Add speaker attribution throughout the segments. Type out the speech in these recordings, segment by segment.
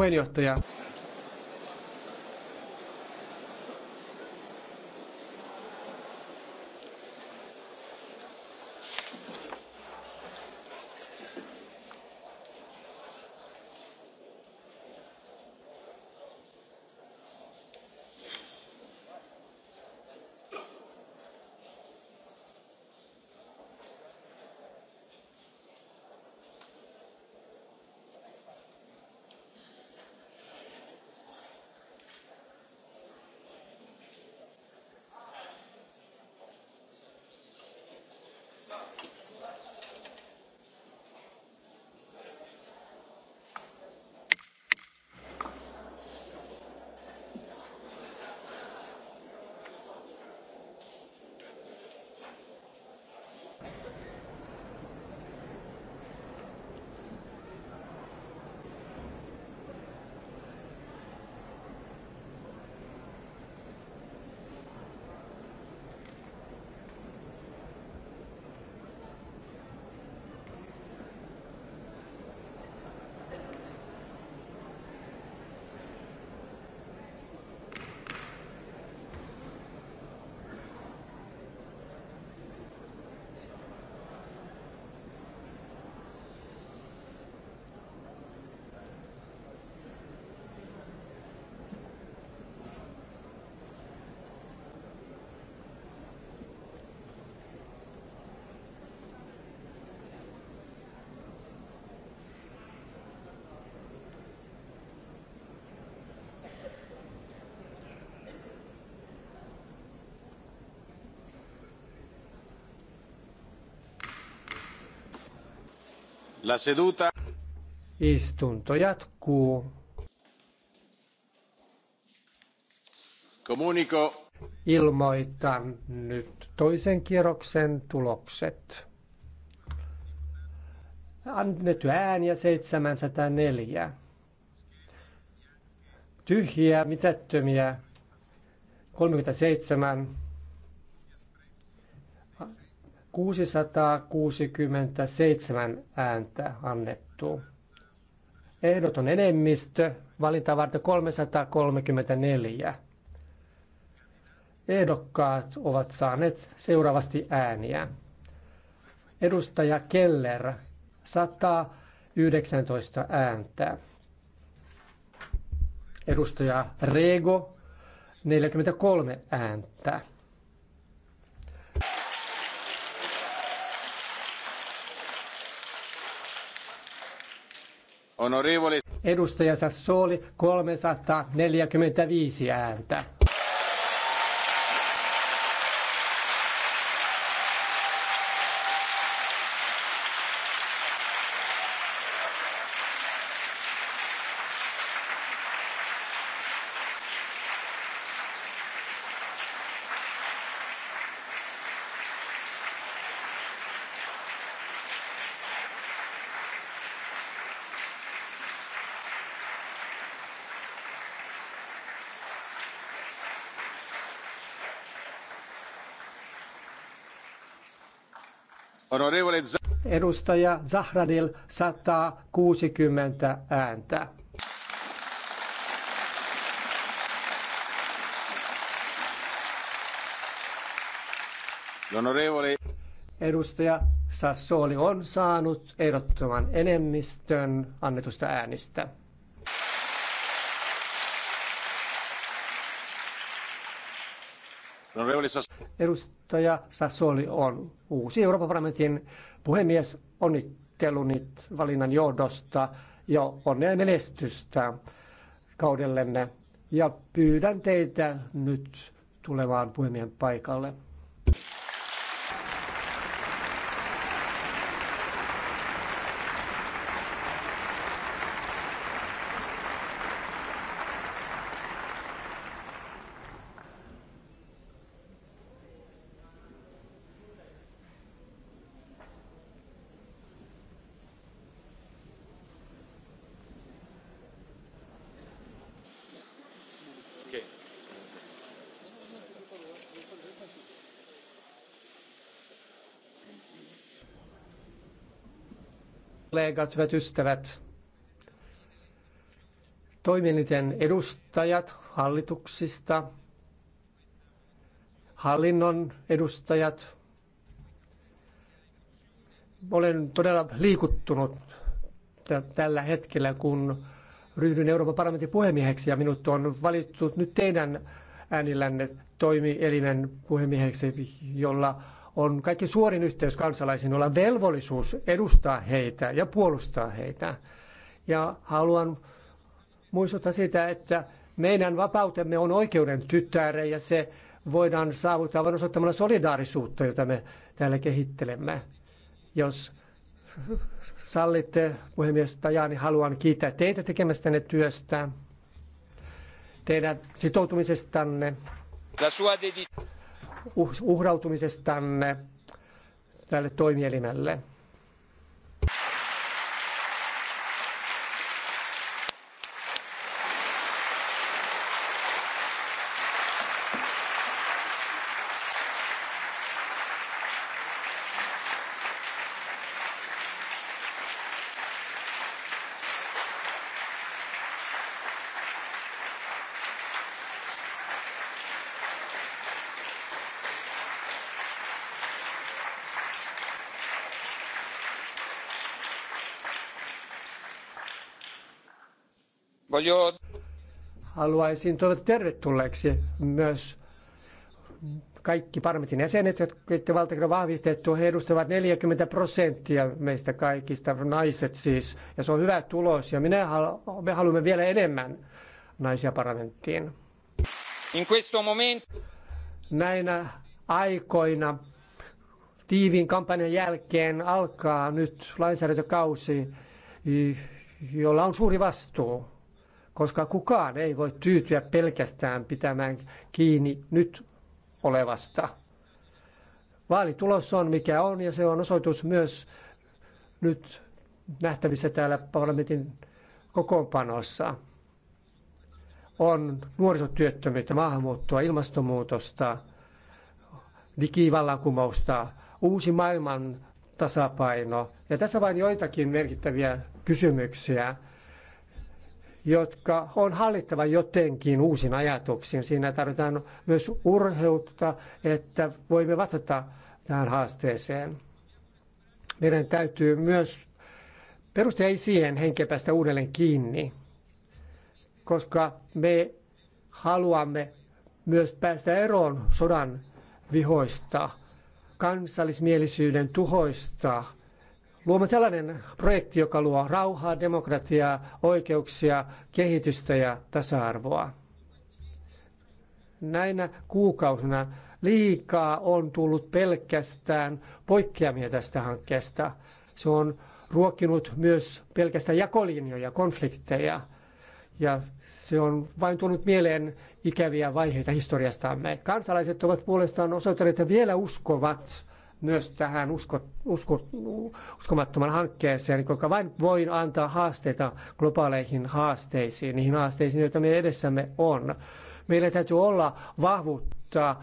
Speaker 1: puheenjohtaja.
Speaker 2: La seduta.
Speaker 1: Istunto jatkuu.
Speaker 2: Komuniko.
Speaker 1: Ilmoitan
Speaker 2: nyt
Speaker 1: toisen kierroksen tulokset. Annettu ääniä 704. Tyhjiä, mitättömiä 37. 667 ääntä annettu. Ehdoton enemmistö, valinta varten 334. Ehdokkaat ovat saaneet seuraavasti ääniä. Edustaja Keller 119 ääntä. Edustaja Rego 43 ääntä.
Speaker 3: Onorevole.
Speaker 1: Edustaja Sassoli 345 ääntä. Edustaja Zahradil 160 ääntä. Edustaja Sassoli on saanut ehdottoman enemmistön annetusta äänistä. Edustaja Sassoli on uusi Euroopan parlamentin puhemies. Onnittelunit valinnan johdosta ja onnea menestystä kaudellenne. Ja pyydän teitä nyt tulemaan puhemien paikalle. kollegat, hyvät ystävät, toimielinten edustajat hallituksista, hallinnon edustajat. Olen todella liikuttunut tällä hetkellä, kun ryhdyn Euroopan parlamentin puhemieheksi ja minut on valittu nyt teidän äänillänne toimielimen puhemieheksi, jolla on kaikki suorin yhteys kansalaisiin, olla velvollisuus edustaa heitä ja puolustaa heitä. Ja haluan muistuttaa sitä, että meidän vapautemme on oikeuden tyttäre ja se voidaan saavuttaa vain osoittamalla solidaarisuutta, jota me täällä kehittelemme. Jos sallitte, puhemies Tajani, haluan kiittää teitä tekemästänne työstä, teidän sitoutumisestanne. Uh, uhrautumisestanne tälle toimielimelle. Haluaisin toivottaa tervetulleeksi myös kaikki parlamentin jäsenet, jotka valtakirjan vahvistettu, he edustavat 40 prosenttia meistä kaikista, naiset siis, ja se on hyvä tulos, ja minä halu- me haluamme vielä enemmän naisia parlamenttiin.
Speaker 2: In questo moment...
Speaker 1: Näinä aikoina tiiviin kampanjan jälkeen alkaa nyt lainsäädäntökausi, jolla on suuri vastuu koska kukaan ei voi tyytyä pelkästään pitämään kiinni nyt olevasta. Vaalitulos on mikä on ja se on osoitus myös nyt nähtävissä täällä parlamentin kokoonpanossa. On nuorisotyöttömyyttä, maahanmuuttoa, ilmastonmuutosta, digivallankumousta, uusi maailman tasapaino. Ja tässä vain joitakin merkittäviä kysymyksiä jotka on hallittava jotenkin uusin ajatuksiin. Siinä tarvitaan myös urheutta, että voimme vastata tähän haasteeseen. Meidän täytyy myös perustaa siihen henkeä päästä uudelleen kiinni, koska me haluamme myös päästä eroon sodan vihoista, kansallismielisyyden tuhoista – luomme sellainen projekti, joka luo rauhaa, demokratiaa, oikeuksia, kehitystä ja tasa-arvoa. Näinä kuukausina liikaa on tullut pelkästään poikkeamia tästä hankkeesta. Se on ruokkinut myös pelkästään jakolinjoja, konflikteja. Ja se on vain tuonut mieleen ikäviä vaiheita historiastamme. Kansalaiset ovat puolestaan osoittaneet, että vielä uskovat myös tähän usko, usko, uskomattoman hankkeeseen, joka vain voi antaa haasteita globaaleihin haasteisiin, niihin haasteisiin, joita meidän edessämme on. Meillä täytyy olla vahvuutta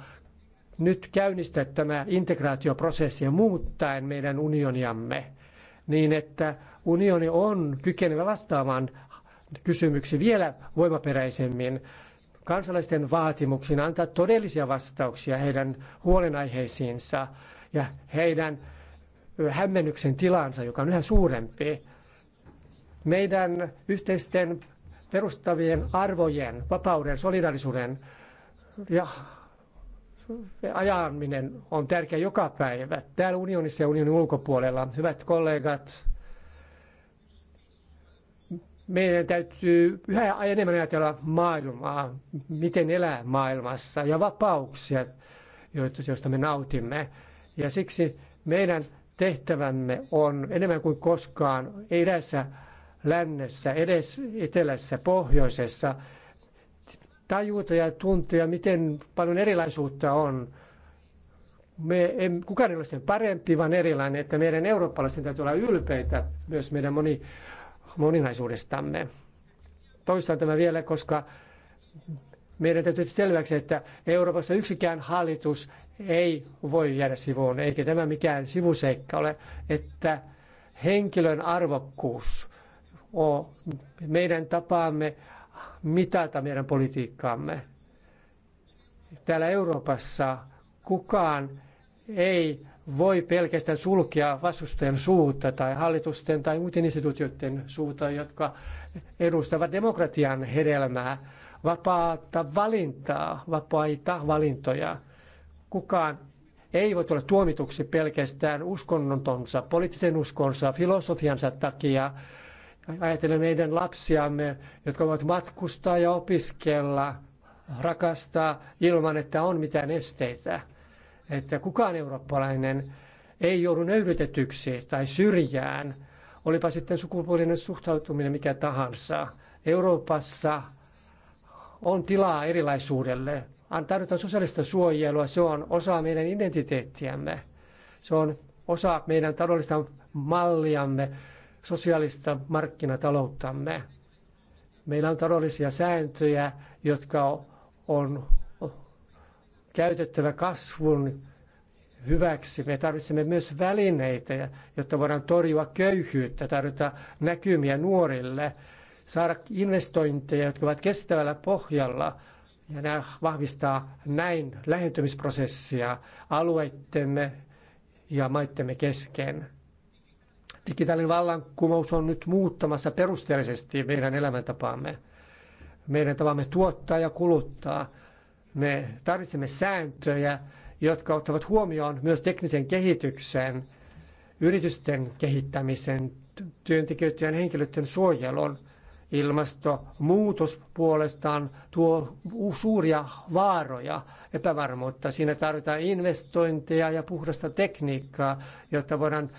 Speaker 1: nyt käynnistää tämä integraatioprosessi ja muuttaen meidän unioniamme niin, että unioni on kykenevä vastaamaan kysymyksiin vielä voimaperäisemmin kansalaisten vaatimuksiin, antaa todellisia vastauksia heidän huolenaiheisiinsa ja heidän hämmennyksen tilansa, joka on yhä suurempi. Meidän yhteisten perustavien arvojen, vapauden, solidarisuuden ja ajaminen on tärkeä joka päivä täällä unionissa ja unionin ulkopuolella. Hyvät kollegat, meidän täytyy yhä enemmän ajatella maailmaa, miten elää maailmassa ja vapauksia, joista me nautimme. Ja siksi meidän tehtävämme on enemmän kuin koskaan edessä lännessä, edes etelässä, pohjoisessa tajuta ja tuntea, miten paljon erilaisuutta on. Me em, kukaan ei ole sen parempi, vaan erilainen, että meidän eurooppalaisten täytyy olla ylpeitä myös meidän moni, moninaisuudestamme. Toistan tämä vielä, koska meidän täytyy selväksi, että Euroopassa yksikään hallitus ei voi jäädä sivuun, eikä tämä mikään sivuseikka ole, että henkilön arvokkuus on meidän tapaamme mitata meidän politiikkaamme. Täällä Euroopassa kukaan ei voi pelkästään sulkea vastustajan suuta tai hallitusten tai muiden instituutioiden suuta, jotka edustavat demokratian hedelmää, vapaata valintaa, vapaita valintoja – Kukaan ei voi tulla tuomituksi pelkästään uskonnontonsa, poliittisen uskonsa, filosofiansa takia. Ajatellen meidän lapsiamme, jotka voivat matkustaa ja opiskella, rakastaa ilman, että on mitään esteitä. Että kukaan eurooppalainen ei joudu nöyrytetyksi tai syrjään, olipa sitten sukupuolinen suhtautuminen mikä tahansa. Euroopassa on tilaa erilaisuudelle tarvitaan sosiaalista suojelua, se on osa meidän identiteettiämme. Se on osa meidän taloudellista malliamme, sosiaalista markkinatalouttamme. Meillä on taloudellisia sääntöjä, jotka on käytettävä kasvun hyväksi. Me tarvitsemme myös välineitä, jotta voidaan torjua köyhyyttä, tarjota näkymiä nuorille, saada investointeja, jotka ovat kestävällä pohjalla – ja nämä vahvistaa näin lähentymisprosessia alueittemme ja maittemme kesken. Digitaalinen vallankumous on nyt muuttamassa perusteellisesti meidän elämäntapaamme, meidän tavamme tuottaa ja kuluttaa. Me tarvitsemme sääntöjä, jotka ottavat huomioon myös teknisen kehityksen, yritysten kehittämisen, työntekijöiden ja henkilöiden suojelun. Ilmastonmuutos puolestaan tuo suuria vaaroja, epävarmuutta. Siinä tarvitaan investointeja ja puhdasta tekniikkaa, jotta voidaan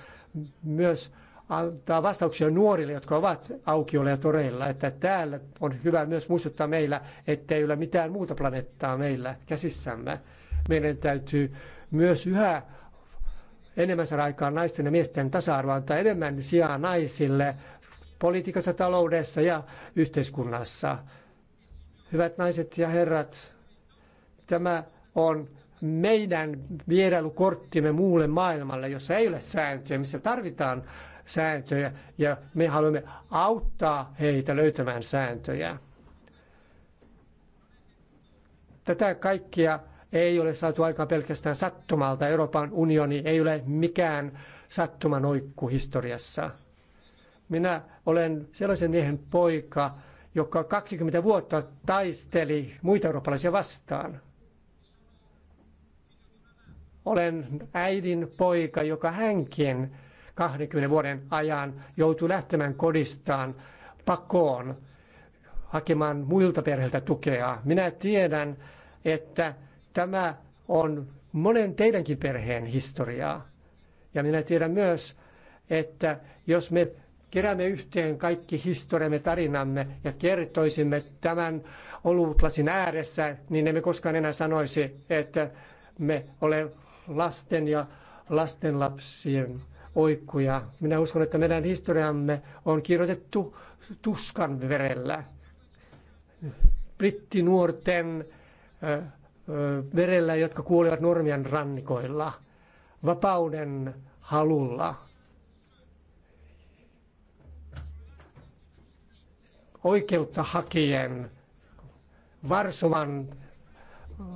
Speaker 1: myös antaa vastauksia nuorille, jotka ovat aukiolla ja toreilla, että täällä on hyvä myös muistuttaa meillä, että ei ole mitään muuta planeettaa meillä käsissämme. Meidän täytyy myös yhä enemmän saada aikaan naisten ja miesten tasa-arvoa, antaa enemmän sijaa naisille politiikassa, taloudessa ja yhteiskunnassa. Hyvät naiset ja herrat, tämä on meidän vierailukorttimme muulle maailmalle, jossa ei ole sääntöjä, missä tarvitaan sääntöjä ja me haluamme auttaa heitä löytämään sääntöjä. Tätä kaikkia ei ole saatu aikaan pelkästään sattumalta. Euroopan unioni ei ole mikään sattuman oikku historiassa. Minä olen sellaisen miehen poika, joka 20 vuotta taisteli muita eurooppalaisia vastaan. Olen äidin poika, joka hänkin 20 vuoden ajan joutui lähtemään kodistaan pakoon hakemaan muilta perheiltä tukea. Minä tiedän, että tämä on monen teidänkin perheen historiaa. Ja minä tiedän myös, että jos me keräämme yhteen kaikki historiamme, tarinamme ja kertoisimme tämän olutlasin ääressä, niin emme koskaan enää sanoisi, että me olemme lasten ja lastenlapsien oikkuja. Minä uskon, että meidän historiamme on kirjoitettu tuskan verellä. Brittinuorten verellä, jotka kuolivat Normian rannikoilla, vapauden halulla – oikeutta hakien Varsovan mm,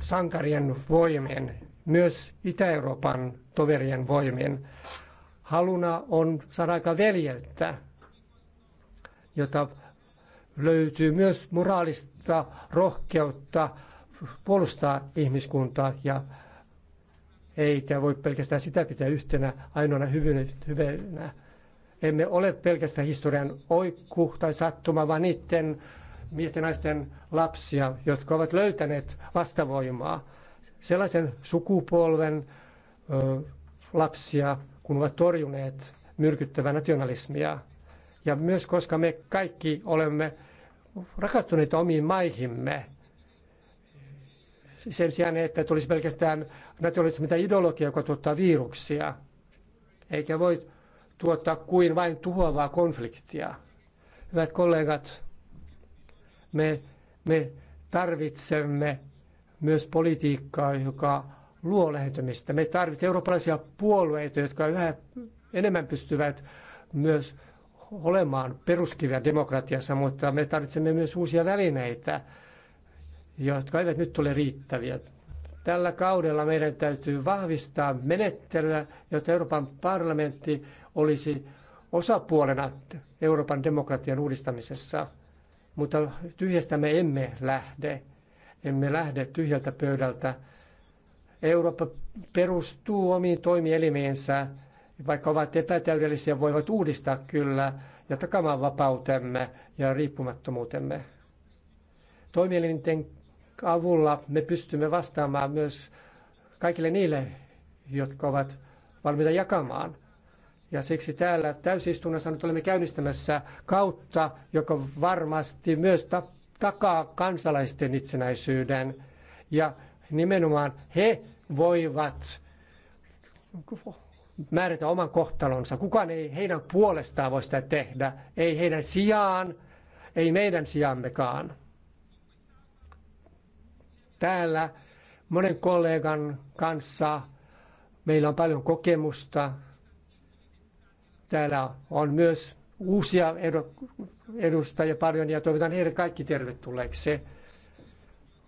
Speaker 1: sankarien voimien myös Itä-Euroopan toverien voimien Haluna on saada aika veljeltä, jota löytyy myös moraalista rohkeutta puolustaa ihmiskuntaa ja eikä voi pelkästään sitä pitää yhtenä ainoana hyvyydenä emme ole pelkästään historian oikku tai sattuma, vaan niiden miesten naisten lapsia, jotka ovat löytäneet vastavoimaa. Sellaisen sukupolven ö, lapsia, kun ovat torjuneet myrkyttävää nationalismia. Ja myös koska me kaikki olemme rakastuneet omiin maihimme, sen sijaan, että tulisi pelkästään nationalismi tai ideologia, joka tuottaa viruksia. Eikä voi tuottaa kuin vain tuhoavaa konfliktia. Hyvät kollegat, me, me tarvitsemme myös politiikkaa, joka luo lähentymistä. Me tarvitsemme eurooppalaisia puolueita, jotka yhä enemmän pystyvät myös olemaan peruskiviä demokratiassa, mutta me tarvitsemme myös uusia välineitä, jotka eivät nyt ole riittäviä. Tällä kaudella meidän täytyy vahvistaa menettelyä, jotta Euroopan parlamentti olisi osapuolena Euroopan demokratian uudistamisessa. Mutta tyhjästä me emme lähde. Emme lähde tyhjältä pöydältä. Eurooppa perustuu omiin toimielimiinsä, vaikka ovat epätäydellisiä, voivat uudistaa kyllä ja takamaan vapautemme ja riippumattomuutemme. Toimielinten avulla me pystymme vastaamaan myös kaikille niille, jotka ovat valmiita jakamaan. Ja siksi täällä täysistunnassa nyt olemme käynnistämässä kautta, joka varmasti myös ta- takaa kansalaisten itsenäisyyden. Ja nimenomaan he voivat määrätä oman kohtalonsa. Kukaan ei heidän puolestaan voi sitä tehdä, ei heidän sijaan, ei meidän sijammekaan täällä monen kollegan kanssa. Meillä on paljon kokemusta. Täällä on myös uusia edustajia paljon ja toivotan heidät kaikki tervetulleeksi.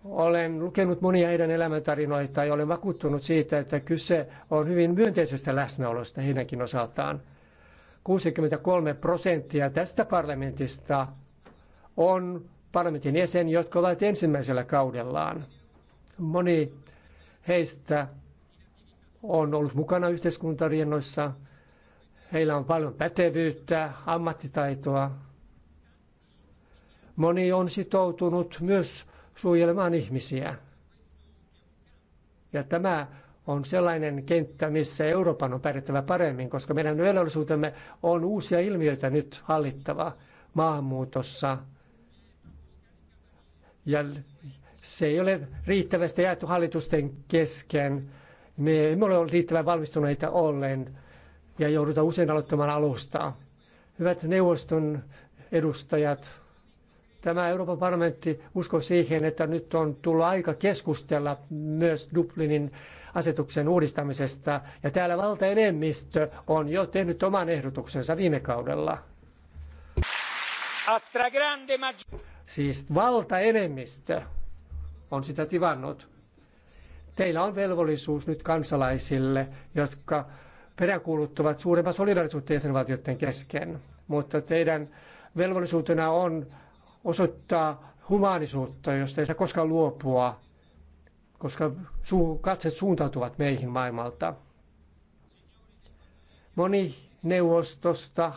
Speaker 1: Olen lukenut monia heidän elämäntarinoita ja olen vakuuttunut siitä, että kyse on hyvin myönteisestä läsnäolosta heidänkin osaltaan. 63 prosenttia tästä parlamentista on parlamentin jäseniä jotka ovat ensimmäisellä kaudellaan. Moni heistä on ollut mukana yhteiskuntariennoissa. Heillä on paljon pätevyyttä, ammattitaitoa. Moni on sitoutunut myös suojelemaan ihmisiä. Ja tämä on sellainen kenttä, missä Euroopan on pärjättävä paremmin, koska meidän velvollisuutemme on uusia ilmiöitä nyt hallittava maahanmuutossa ja se ei ole riittävästi jaettu hallitusten kesken. Me emme ole riittävän valmistuneita ollen ja joudutaan usein aloittamaan alusta. Hyvät neuvoston edustajat, tämä Euroopan parlamentti uskoo siihen, että nyt on tullut aika keskustella myös Dublinin asetuksen uudistamisesta, ja täällä valtaenemmistö on jo tehnyt oman ehdotuksensa viime kaudella. Siis valtaenemmistö on sitä tivannut. Teillä on velvollisuus nyt kansalaisille, jotka peräkuuluttavat suurempaa solidaarisuutta jäsenvaltioiden kesken, mutta teidän velvollisuutena on osoittaa humaanisuutta, josta ei saa koskaan luopua, koska katset suuntautuvat meihin maailmalta. Moni neuvostosta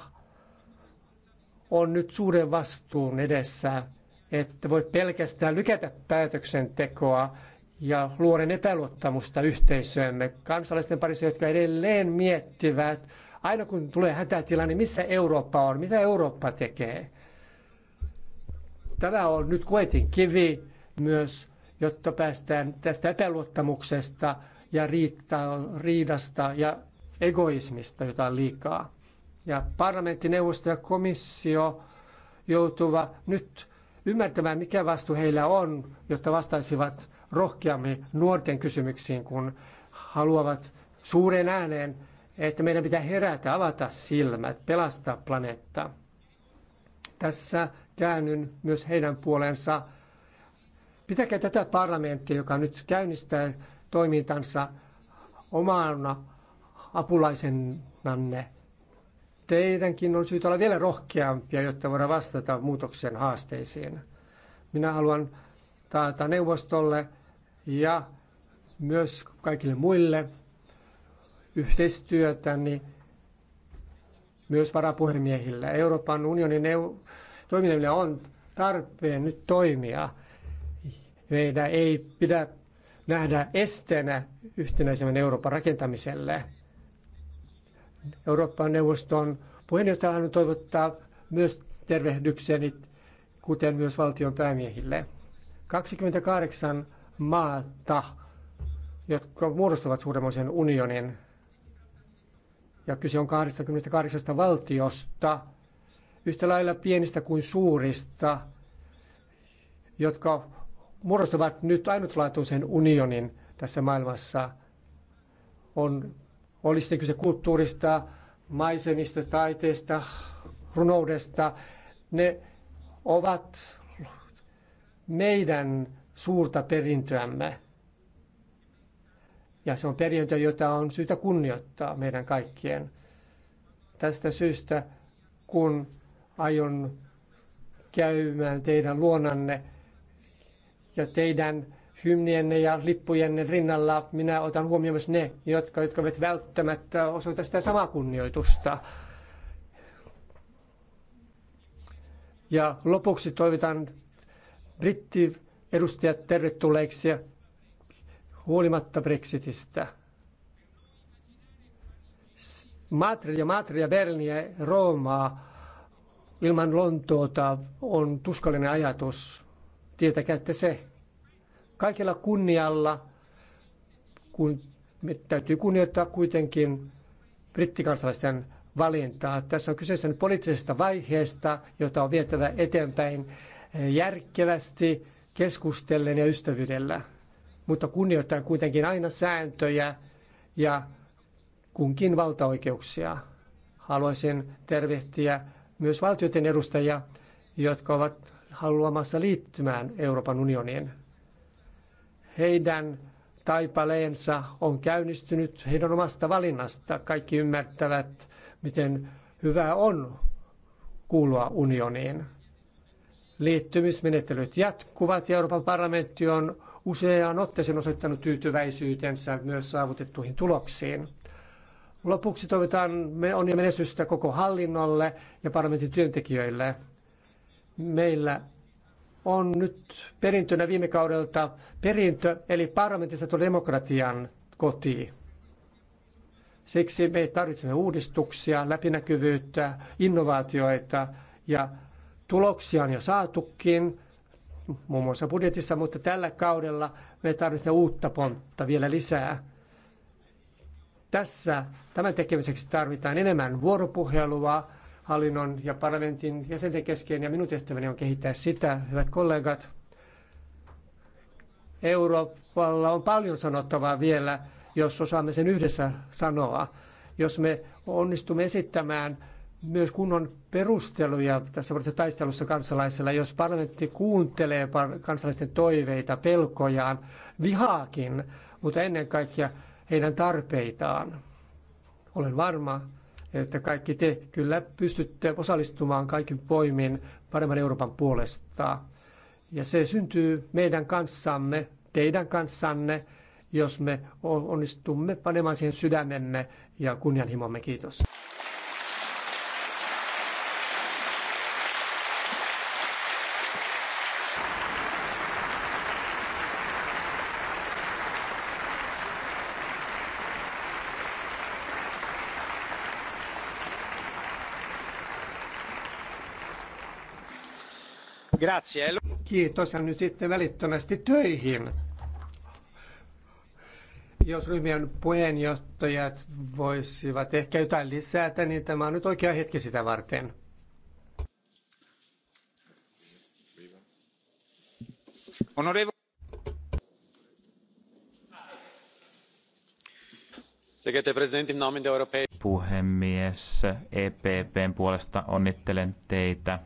Speaker 1: on nyt suuren vastuun edessä että voi pelkästään lykätä päätöksentekoa ja luoden epäluottamusta yhteisöömme kansalaisten parissa, jotka edelleen miettivät, aina kun tulee hätätilanne, missä Eurooppa on, mitä Eurooppa tekee. Tämä on nyt koetin kivi myös, jotta päästään tästä epäluottamuksesta ja riidasta ja egoismista, jota on liikaa. Ja parlamenttineuvosto ja komissio joutuva nyt ymmärtämään, mikä vastuu heillä on, jotta vastaisivat rohkeammin nuorten kysymyksiin, kun haluavat suureen ääneen, että meidän pitää herätä, avata silmät, pelastaa planeetta. Tässä käännyn myös heidän puolensa. Pitäkää tätä parlamenttia, joka nyt käynnistää toimintansa omana apulaisenanne teidänkin on syytä olla vielä rohkeampia, jotta voidaan vastata muutoksen haasteisiin. Minä haluan taata neuvostolle ja myös kaikille muille niin myös varapuhemiehillä. Euroopan unionin neu- toiminnalle on tarpeen nyt toimia. Meidän ei pidä nähdä esteenä yhtenäisemmän Euroopan rakentamiselle. Euroopan neuvoston puheenjohtaja toivottaa myös tervehdykseni, kuten myös valtion päämiehille. 28 maata, jotka muodostavat suuremmoisen unionin, ja kyse on 28 valtiosta, yhtä lailla pienistä kuin suurista, jotka muodostavat nyt ainutlaatuisen unionin tässä maailmassa, on oli sitten kyse kulttuurista, maisemista, taiteesta, runoudesta. Ne ovat meidän suurta perintöämme. Ja se on perintö, jota on syytä kunnioittaa meidän kaikkien. Tästä syystä, kun aion käymään teidän luonanne ja teidän hymnienne ja lippujenne rinnalla minä otan huomioon myös ne, jotka, jotka ovat välttämättä osoita sitä samaa kunnioitusta. Ja lopuksi toivotan britti edustajat tervetulleiksi huolimatta Brexitistä. Madria, Madria, Berliniä, Roomaa ilman Lontoota on tuskallinen ajatus. Tietäkää, että se kaikella kunnialla, kun me täytyy kunnioittaa kuitenkin brittikansalaisten valintaa. Tässä on kyseessä nyt poliittisesta vaiheesta, jota on vietävä eteenpäin järkevästi, keskustellen ja ystävyydellä, mutta kunnioittaa kuitenkin aina sääntöjä ja kunkin valtaoikeuksia. Haluaisin tervehtiä myös valtioiden edustajia, jotka ovat haluamassa liittymään Euroopan unioniin heidän taipaleensa on käynnistynyt heidän omasta valinnasta. Kaikki ymmärtävät, miten hyvä on kuulua unioniin. Liittymismenettelyt jatkuvat ja Euroopan parlamentti on useaan otteeseen osoittanut tyytyväisyytensä myös saavutettuihin tuloksiin. Lopuksi toivotan me on ja menestystä koko hallinnolle ja parlamentin työntekijöille. Meillä on nyt perintönä viime kaudelta perintö, eli parlamentista tuli demokratian koti. Siksi me tarvitsemme uudistuksia, läpinäkyvyyttä, innovaatioita ja tuloksia on jo saatukin, muun muassa budjetissa, mutta tällä kaudella me tarvitsemme uutta pontta vielä lisää. Tässä tämän tekemiseksi tarvitaan enemmän vuoropuhelua, hallinnon ja parlamentin jäsenten kesken, ja minun tehtäväni on kehittää sitä, hyvät kollegat. Euroopalla on paljon sanottavaa vielä, jos osaamme sen yhdessä sanoa. Jos me onnistumme esittämään myös kunnon perusteluja tässä taistelussa kansalaisella, jos parlamentti kuuntelee kansalaisten toiveita, pelkojaan, vihaakin, mutta ennen kaikkea heidän tarpeitaan. Olen varma, että kaikki te kyllä pystytte osallistumaan kaikin voimin paremman Euroopan puolesta. Ja se syntyy meidän kanssamme, teidän kanssanne, jos me onnistumme panemaan siihen sydämemme ja kunnianhimomme. Kiitos. Kiitos ja nyt sitten välittömästi töihin. Jos ryhmien puheenjohtajat voisivat ehkä jotain lisätä, niin tämä on nyt oikea hetki sitä varten.
Speaker 2: Onorevo.
Speaker 3: Puhemies, EPPn puolesta onnittelen teitä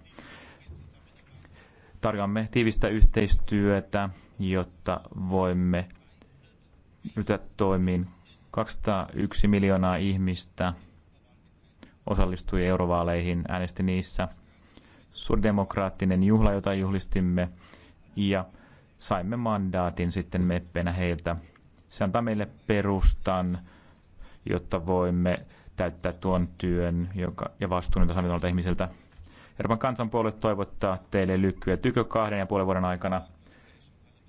Speaker 3: tarjoamme tiivistä yhteistyötä, jotta voimme ryhtyä toimiin. 201 miljoonaa ihmistä osallistui eurovaaleihin, äänesti niissä. Surdemokraattinen juhla, jota juhlistimme, ja saimme mandaatin sitten meppenä heiltä. Se antaa meille perustan, jotta voimme täyttää tuon työn joka, ja vastuun, jota saamme tuolta ihmiseltä Euroopan kansanpuolue toivottaa teille lykkyä tykö kahden ja puolen vuoden aikana.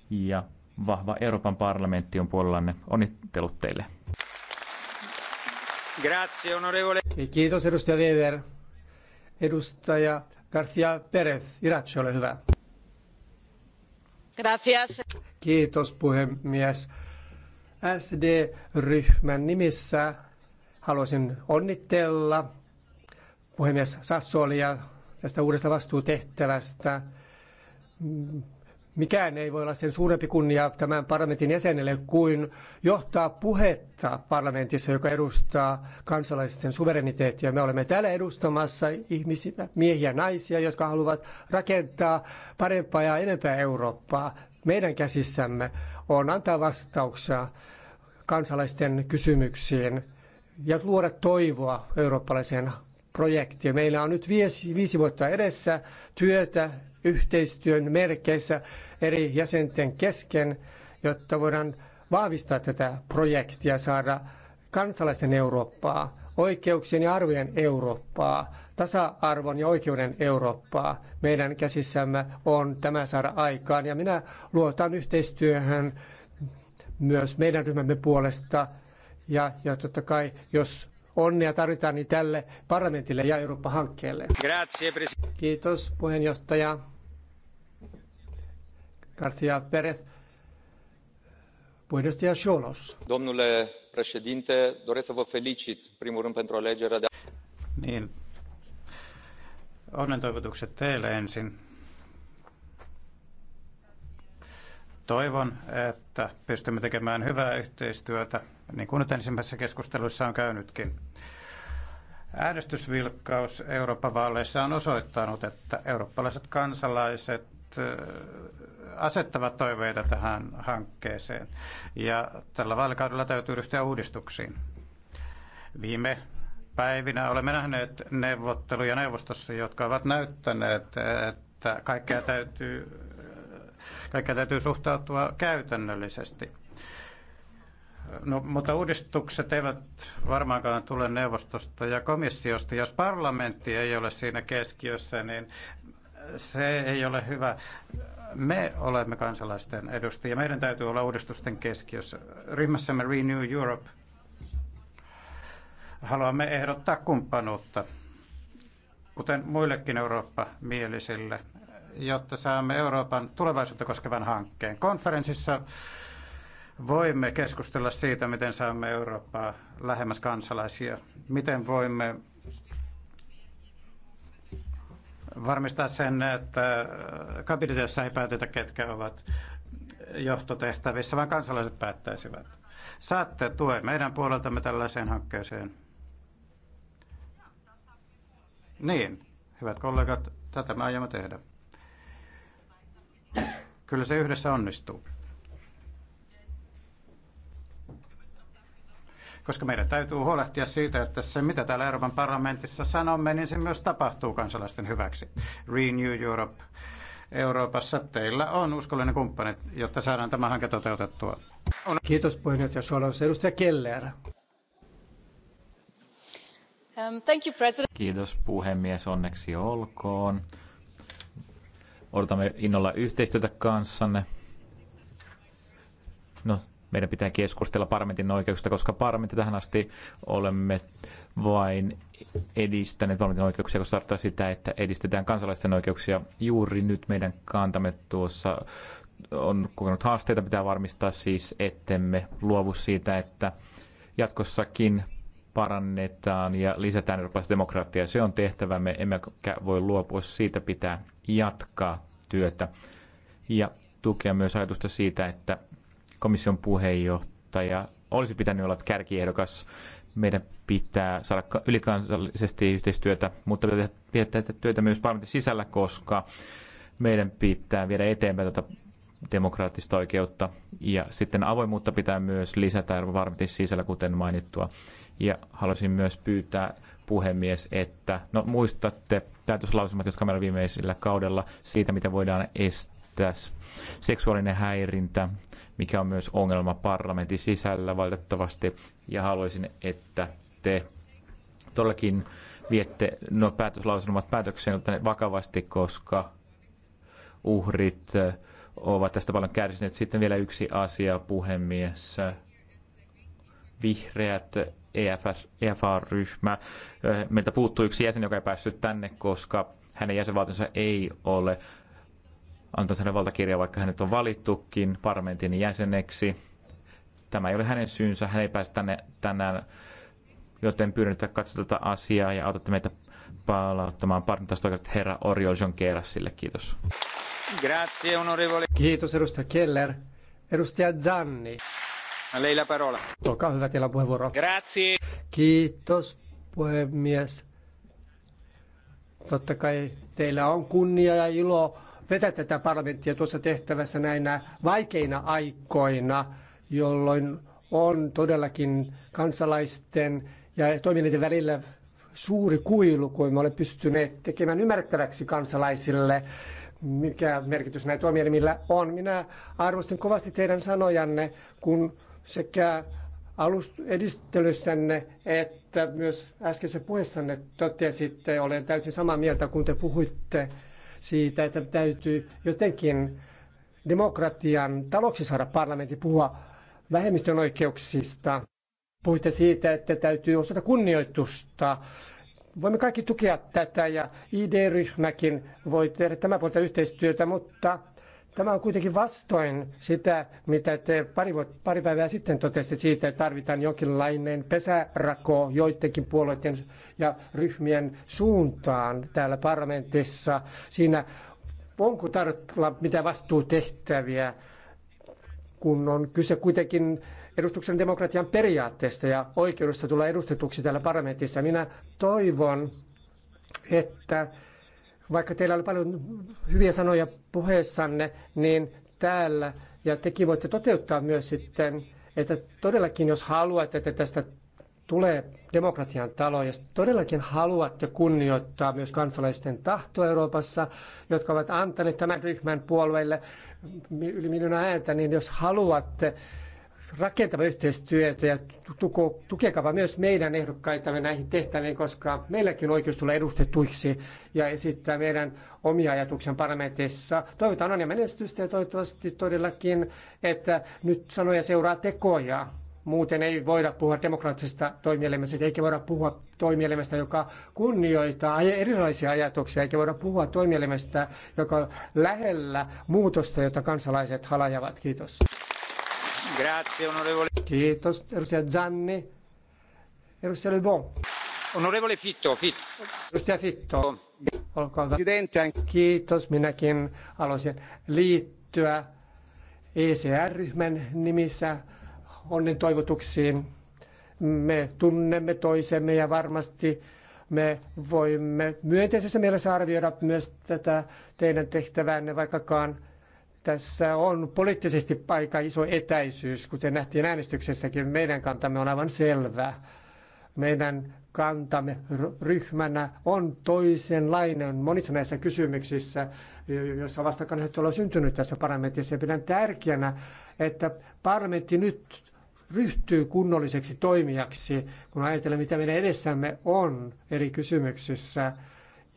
Speaker 3: Ja vahva Euroopan parlamentti on puolellanne. Onnittelut
Speaker 1: teille. Grazie, onorevole. Kiitos, edustaja Weber. Edustaja García Pérez, Iratxe, ole hyvä. Gracias. Kiitos, puhemies. SD-ryhmän nimissä haluaisin onnitella puhemies Sassuolia tästä uudesta vastuutehtävästä. Mikään ei voi olla sen suurempi kunnia tämän parlamentin jäsenelle kuin johtaa puhetta parlamentissa, joka edustaa kansalaisten suvereniteettia. Me olemme täällä edustamassa ihmisiä, miehiä ja naisia, jotka haluavat rakentaa parempaa ja enempää Eurooppaa. Meidän käsissämme on antaa vastauksia kansalaisten kysymyksiin ja luoda toivoa eurooppalaiseen projektia. Meillä on nyt viisi, viisi vuotta edessä työtä yhteistyön merkeissä eri jäsenten kesken, jotta voidaan vahvistaa tätä projektia, saada kansalaisten Eurooppaa, oikeuksien ja arvojen Eurooppaa, tasa-arvon ja oikeuden Eurooppaa. Meidän käsissämme on tämä saada aikaan ja minä luotan yhteistyöhön myös meidän ryhmämme puolesta ja, ja totta kai, jos onnea tarvitaan niin tälle parlamentille ja Eurooppa-hankkeelle. Kiitos puheenjohtaja García Pérez Puheenjohtaja Cholos.
Speaker 3: Domnule președinte, doresc să vă felicit primul rând pentru alegerea de...
Speaker 2: Niin. Onnen toivotukset teille ensin. Toivon, että pystymme tekemään hyvää yhteistyötä, niin kuin nyt ensimmäisessä keskustelussa on käynytkin. Äänestysvilkkaus Euroopan vaaleissa on osoittanut, että eurooppalaiset kansalaiset äh, asettavat toiveita tähän hankkeeseen. Ja tällä vaalikaudella täytyy ryhtyä uudistuksiin. Viime päivinä olemme nähneet neuvotteluja neuvostossa, jotka ovat näyttäneet, että kaikkea täytyy, kaikkea täytyy suhtautua käytännöllisesti. No, mutta uudistukset eivät varmaankaan tule neuvostosta ja komissiosta. Jos parlamentti ei ole siinä keskiössä, niin se ei ole hyvä. Me olemme kansalaisten edustajia. Meidän täytyy olla uudistusten keskiössä. Ryhmässämme Renew Europe haluamme ehdottaa kumppanuutta, kuten muillekin Eurooppa-mielisille, jotta saamme Euroopan tulevaisuutta koskevan hankkeen. Konferenssissa voimme keskustella siitä, miten saamme Eurooppaa lähemmäs kansalaisia, miten voimme varmistaa sen, että kabinetissa ei päätetä, ketkä ovat johtotehtävissä, vaan kansalaiset päättäisivät. Saatte tuen meidän puoleltamme tällaiseen hankkeeseen. Niin, hyvät kollegat, tätä me aiomme tehdä. Kyllä se yhdessä onnistuu. koska meidän täytyy huolehtia siitä, että se mitä täällä Euroopan parlamentissa sanomme, niin se myös tapahtuu kansalaisten hyväksi. Renew Europe Euroopassa teillä on uskollinen kumppani, jotta saadaan tämä hanke toteutettua.
Speaker 1: On... Kiitos puheenjohtaja Suolaus. Edustaja Keller.
Speaker 2: Um, thank you, president. Kiitos
Speaker 3: puhemies, onneksi olkoon. Odotamme innolla yhteistyötä kanssanne. No, meidän pitää keskustella parlamentin oikeuksista, koska parlamentti tähän asti olemme vain edistäneet parlamentin oikeuksia, koska tarkoittaa sitä, että edistetään kansalaisten oikeuksia. Juuri nyt meidän kantamme tuossa on kokenut haasteita, pitää varmistaa siis, ettemme luovu siitä, että jatkossakin parannetaan ja lisätään eurooppalaista demokratiaa. Se on tehtävämme, emme voi luopua siitä, pitää jatkaa työtä ja tukea myös ajatusta siitä, että komission puheenjohtaja olisi pitänyt olla kärkiehdokas. Meidän pitää saada ylikansallisesti yhteistyötä, mutta pitää tehdä työtä myös parlamentin sisällä, koska meidän pitää viedä eteenpäin tuota demokraattista oikeutta. Ja sitten avoimuutta pitää myös lisätä varmasti sisällä, kuten mainittua. Ja haluaisin myös pyytää puhemies, että no, muistatte päätöslausumat, jotka meillä viimeisellä kaudella siitä, mitä voidaan estää seksuaalinen häirintä mikä on myös ongelma parlamentin sisällä valitettavasti. Ja haluaisin, että te todellakin viette nuo päätöslauselmat päätökseen vakavasti, koska uhrit äh, ovat tästä paljon kärsineet. Sitten vielä yksi asia, puhemies. Vihreät EFR-ryhmä. E äh, meiltä puuttuu yksi jäsen, joka ei päässyt tänne, koska hänen jäsenvaltionsa ei ole antaisi hänelle valtakirjaa, vaikka hänet on valittukin parlamentin jäseneksi. Tämä ei ole hänen syynsä, hän ei pääse tänne tänään, joten pyydän, että katsota tätä asiaa ja autatte meitä palauttamaan parlamentaariset herra Oriol Jonquerasille. Kiitos.
Speaker 2: Grazie,
Speaker 1: onorevole. Kiitos, edustaja Keller. Edustaja Zanni.
Speaker 3: Lei la parola.
Speaker 1: Olkaa hyvä, teillä on puheenvuoro. Grazie. Kiitos, puhemies. Totta kai teillä on kunnia ja ilo vetää tätä parlamenttia tuossa tehtävässä näinä vaikeina aikoina, jolloin on todellakin kansalaisten ja toimijoiden välillä suuri kuilu, kun me olemme pystyneet tekemään ymmärrettäväksi kansalaisille, mikä merkitys näillä toimielimillä on. Minä arvostin kovasti teidän sanojanne, kun sekä edistelyssänne, että myös äskeisessä puheessanne totesitte, olen täysin samaa mieltä, kun te puhuitte siitä, että täytyy jotenkin demokratian taloksi saada parlamentti puhua vähemmistön oikeuksista. Puhuitte siitä, että täytyy osata kunnioitusta. Voimme kaikki tukea tätä ja ID-ryhmäkin voi tehdä tämän puolta yhteistyötä, mutta Tämä on kuitenkin vastoin sitä, mitä te pari, vuot, pari päivää sitten totesitte siitä, että tarvitaan jonkinlainen pesärako joidenkin puolueiden ja ryhmien suuntaan täällä parlamentissa. Siinä onko tarjolla mitä vastuutehtäviä, kun on kyse kuitenkin edustuksen demokratian periaatteesta ja oikeudesta tulla edustetuksi täällä parlamentissa. Minä toivon, että vaikka teillä oli paljon hyviä sanoja puheessanne, niin täällä, ja tekin voitte toteuttaa myös sitten, että todellakin jos haluatte, että tästä tulee demokratian talo, jos todellakin haluatte kunnioittaa myös kansalaisten tahtoa Euroopassa, jotka ovat antaneet tämän ryhmän puolueille yli miljoona ääntä, niin jos haluatte, rakentava yhteistyötä ja tukekava myös meidän ehdokkaitamme näihin tehtäviin, koska meilläkin on oikeus tulla edustetuiksi ja esittää meidän omia ajatuksia parlamentissa. Toivotan onnea menestystä ja toivottavasti todellakin, että nyt sanoja seuraa tekoja. Muuten ei voida puhua demokraattisesta toimielimestä, eikä voida puhua toimielimestä, joka kunnioittaa erilaisia ajatuksia, eikä voida puhua toimielimestä, joka on lähellä muutosta, jota kansalaiset halajavat. Kiitos.
Speaker 2: Grazie, onorevole.
Speaker 1: Kiitos, Zanni.
Speaker 2: Onorevole Fitto, Fitto.
Speaker 1: Fitto, Presidente. Kiitos, minäkin haluaisin liittyä ECR-ryhmän nimissä onnen toivotuksiin. Me tunnemme toisemme ja varmasti me voimme myönteisessä mielessä arvioida myös tätä teidän tehtäväänne, vaikkakaan tässä on poliittisesti aika iso etäisyys, kuten nähtiin äänestyksessäkin. Meidän kantamme on aivan selvä. Meidän kantamme ryhmänä on toisenlainen monissa näissä kysymyksissä, joissa vastakkainasettelu on syntynyt tässä parlamentissa. Ja pidän tärkeänä, että parlamentti nyt ryhtyy kunnolliseksi toimijaksi, kun ajatellaan, mitä meidän edessämme on eri kysymyksissä –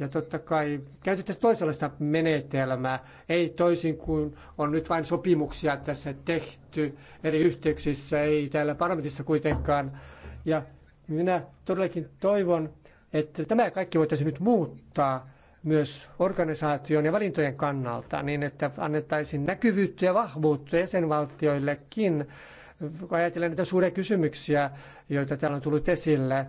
Speaker 1: ja totta kai käytettäisiin toisenlaista menetelmää, ei toisin kuin on nyt vain sopimuksia tässä tehty eri yhteyksissä, ei täällä parlamentissa kuitenkaan. Ja minä todellakin toivon, että tämä kaikki voitaisiin nyt muuttaa myös organisaation ja valintojen kannalta, niin että annettaisiin näkyvyyttä ja vahvuutta jäsenvaltioillekin, kun ajatellaan näitä suuria kysymyksiä, joita täällä on tullut esille –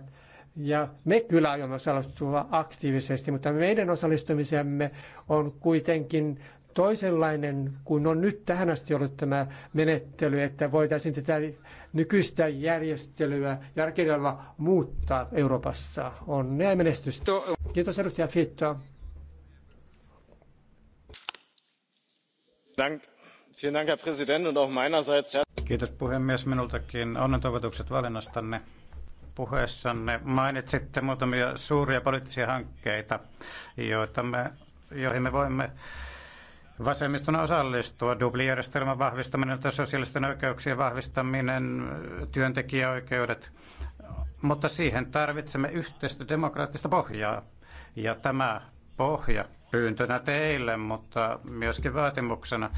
Speaker 1: ja me kyllä aiomme osallistua aktiivisesti, mutta meidän osallistumisemme on kuitenkin toisenlainen kuin on nyt tähän asti ollut tämä menettely, että voitaisiin tätä nykyistä järjestelyä järkevällä muuttaa Euroopassa. Onnea ja menestystä. Kiitos
Speaker 2: edustaja Fitto. Kiitos puhemies minultakin. Onnentoivotukset valinnastanne puheessanne mainitsitte muutamia suuria poliittisia hankkeita, joita me, joihin me voimme vasemmistona osallistua. Dublijärjestelmän vahvistaminen, sosiaalisten oikeuksien vahvistaminen, työntekijäoikeudet. Mutta siihen tarvitsemme yhteistä demokraattista pohjaa. Ja tämä pohja pyyntönä teille, mutta myöskin vaatimuksena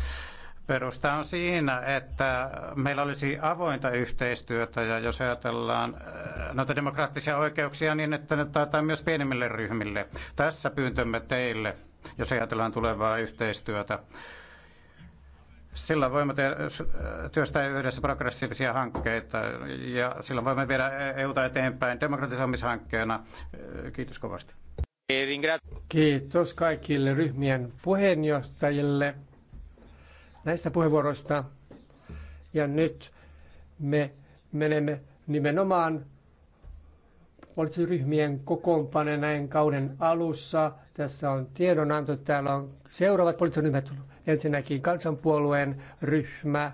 Speaker 2: Perusta on siinä, että meillä olisi avointa yhteistyötä ja jos ajatellaan äh, noita demokraattisia oikeuksia, niin että ne taataan myös pienemmille ryhmille. Tässä pyyntömme teille, jos ajatellaan tulevaa yhteistyötä. Sillä voimme äh, työstää yhdessä progressiivisia hankkeita ja sillä voimme viedä e-, EUta eteenpäin demokratisoimishankkeena. Äh, kiitos kovasti.
Speaker 1: Kiitos kaikille ryhmien puheenjohtajille näistä puheenvuoroista. Ja nyt me menemme nimenomaan poliittisryhmien kokoonpane näin kauden alussa. Tässä on tiedonanto, täällä on seuraavat poliittisryhmät. Ensinnäkin kansanpuolueen ryhmä,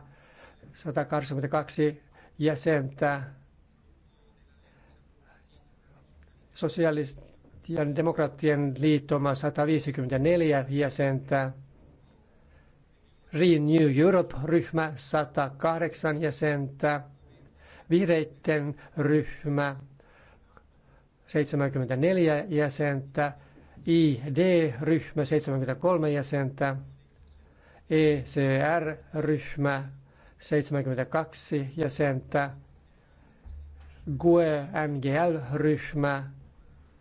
Speaker 1: 182 jäsentä, sosialistien demokraattien liittoma 154 jäsentä, Renew Europe-ryhmä 108 jäsentä, vihreitten ryhmä 74 jäsentä, ID-ryhmä 73 jäsentä, ECR-ryhmä 72 jäsentä, GUE-NGL-ryhmä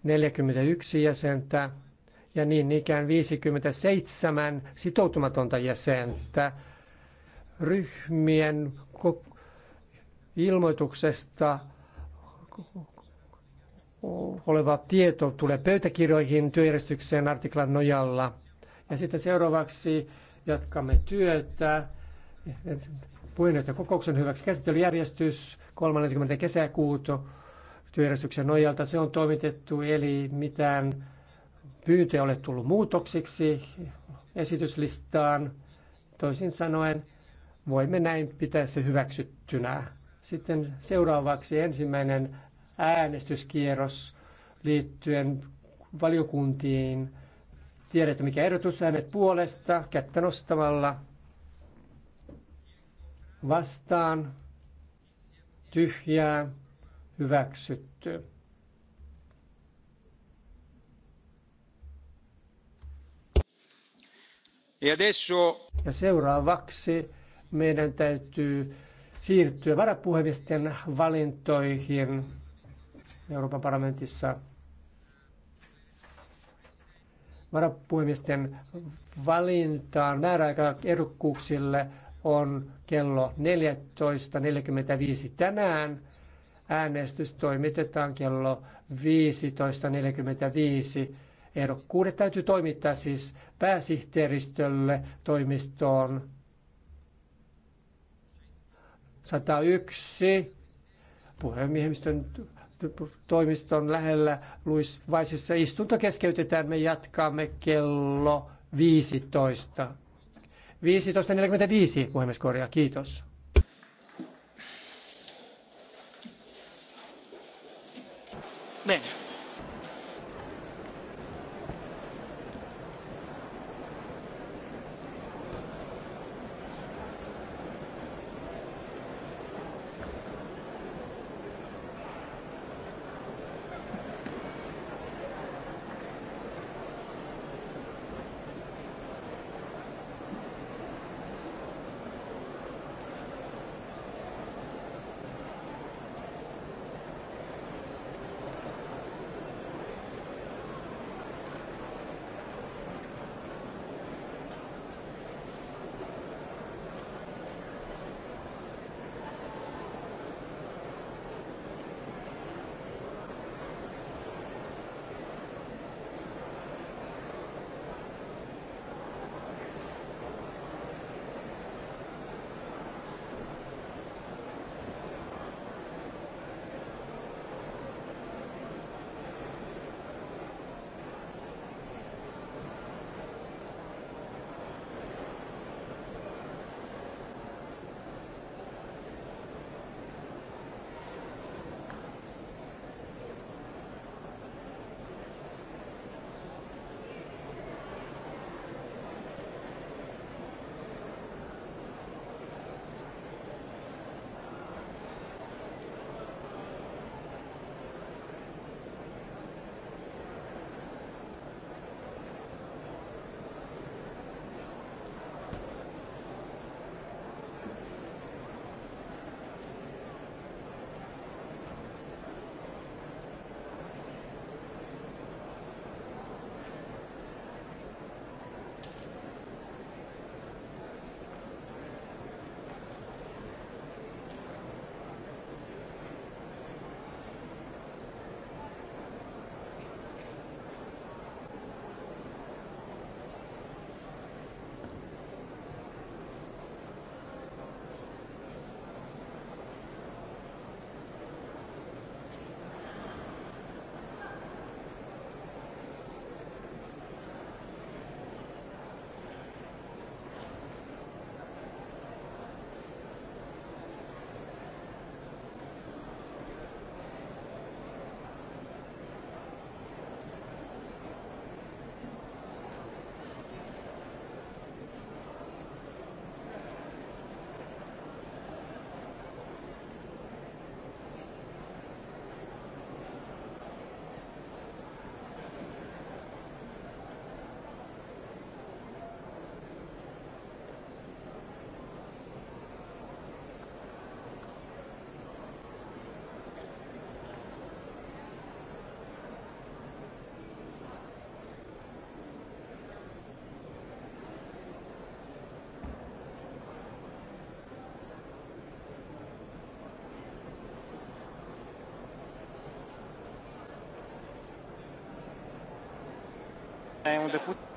Speaker 1: 41 jäsentä, ja niin ikään 57 sitoutumatonta jäsentä ryhmien ilmoituksesta oleva tieto tulee pöytäkirjoihin työjärjestyksen artiklan nojalla. Ja sitten seuraavaksi jatkamme työtä. Puheenjohtajan kokouksen hyväksi käsittelyjärjestys 30. kesäkuuta työjärjestyksen nojalta. Se on toimitettu, eli mitään pyyntöjä ole tullut muutoksiksi esityslistaan. Toisin sanoen voimme näin pitää se hyväksyttynä. Sitten seuraavaksi ensimmäinen äänestyskierros liittyen valiokuntiin. Tiedätte, mikä ehdotus äänet puolesta, kättä nostamalla vastaan, tyhjää, hyväksytty. E ja seuraavaksi meidän täytyy siirtyä varapuhemiesten valintoihin Euroopan parlamentissa. Varapuhemiesten valintaan määräaika edukkuuksille on kello 14.45 tänään. Äänestys toimitetaan kello 15.45. Ehdokkuudet täytyy toimittaa siis pääsihteeristölle toimistoon 101 puhemiehistön toimiston lähellä Luis Istunto keskeytetään, me jatkamme kello 15. 15.45 puhemies korjaa, kiitos.
Speaker 4: Mene.
Speaker 3: unde putem.